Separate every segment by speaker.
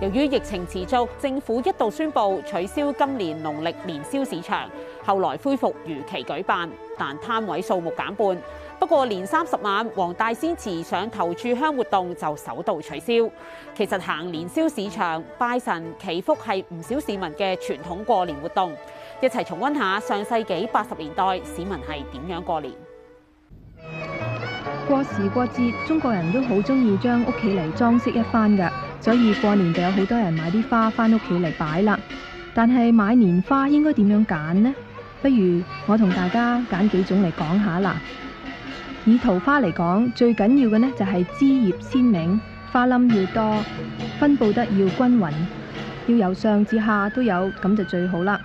Speaker 1: 由於疫情持續，政府一度宣布取消今年農曆年宵市場，後來恢復如期舉辦，但攤位數目減半。不過年三十晚黃大仙祠上頭炷香活動就首度取消。其實行年宵市場、拜神祈福係唔少市民嘅傳統過年活動。一齊重温下上世紀八十年代市民係點樣過年。
Speaker 2: 過時過節，中國人都好中意將屋企嚟裝飾一番噶。所以過年就有好多人買啲花返屋企嚟擺啦。但係買年花應該點樣揀呢？不如我同大家揀幾種嚟講下啦。以桃花嚟講，最緊要嘅呢就係枝葉鮮明，花冧要多，分佈得要均匀，要由上至下都有，咁就最好啦。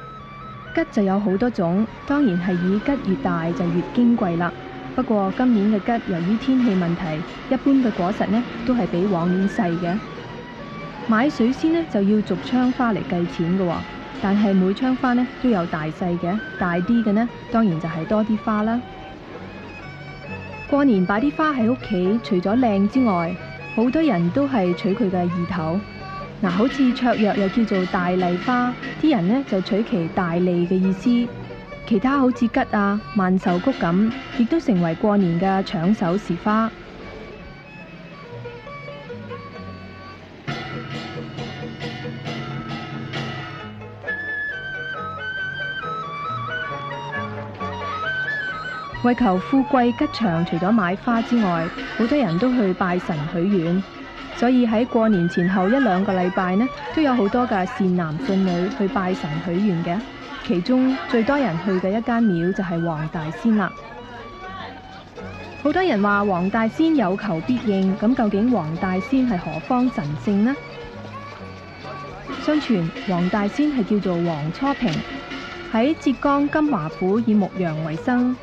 Speaker 2: 桔就有好多種，當然係以桔越大就越矜貴啦。不過今年嘅桔由於天氣問題，一般嘅果實呢都係比往年細嘅。買水仙呢，就要逐窗花嚟計錢嘅，但係每窗花呢，都有大細嘅，大啲嘅呢，當然就係多啲花啦。過年擺啲花喺屋企，除咗靚之外，好多人都係取佢嘅意頭。嗱、啊，好似芍藥又叫做大麗花，啲人呢就取其大利嘅意思。其他好似桔啊、萬壽菊咁，亦都成為過年嘅搶手時花。為求富貴吉祥，除咗買花之外，好多人都去拜神許願，所以喺過年前後一兩個禮拜呢，都有好多嘅善男信女去拜神許願嘅。其中最多人去嘅一間廟就係黃大仙啦。好多人話黃大仙有求必應，咁究竟黃大仙係何方神聖呢？相傳黃大仙係叫做黃初平，喺浙江金華府以牧羊為生。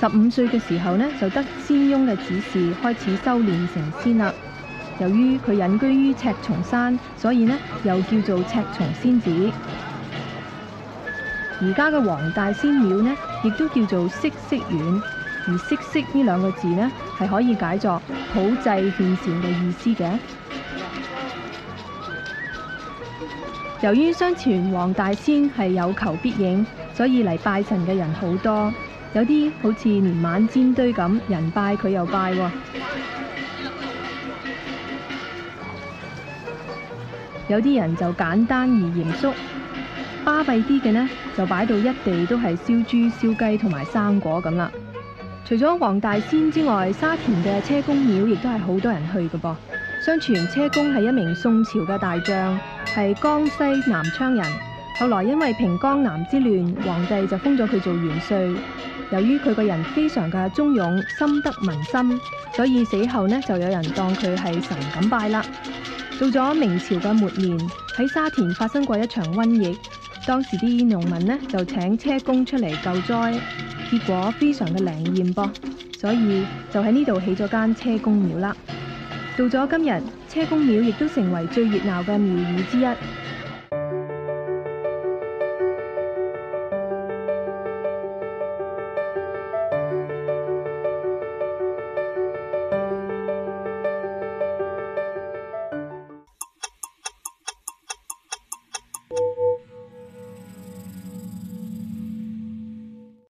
Speaker 2: 十五歲嘅時候呢，就得仙翁嘅指示開始修煉成仙啦。由於佢隱居於赤松山，所以呢又叫做赤松仙子。而家嘅黃大仙廟呢，亦都叫做嗇色園。而嗇色呢兩個字呢，係可以解作普濟勸善嘅意思嘅。由於相傳黃大仙係有求必應，所以嚟拜神嘅人好多。有啲好似年晚煎堆咁，人拜佢又拜喎、哦；有啲人就簡單而嚴肅，巴閉啲嘅呢，就擺到一地都係燒豬、燒雞同埋生果咁啦。除咗黃大仙之外，沙田嘅車公廟亦都係好多人去嘅噃。相傳車公係一名宋朝嘅大將，係江西南昌人，後來因為平江南之亂，皇帝就封咗佢做元帥。由於佢個人非常嘅忠勇，深得民心，所以死後呢就有人當佢係神咁拜啦。到咗明朝嘅末年，喺沙田發生過一場瘟疫，當時啲農民呢就請車公出嚟救災，結果非常嘅靈驗噃，所以就喺呢度起咗間車公廟啦。到咗今日，車公廟亦都成為最熱鬧嘅廟宇之一。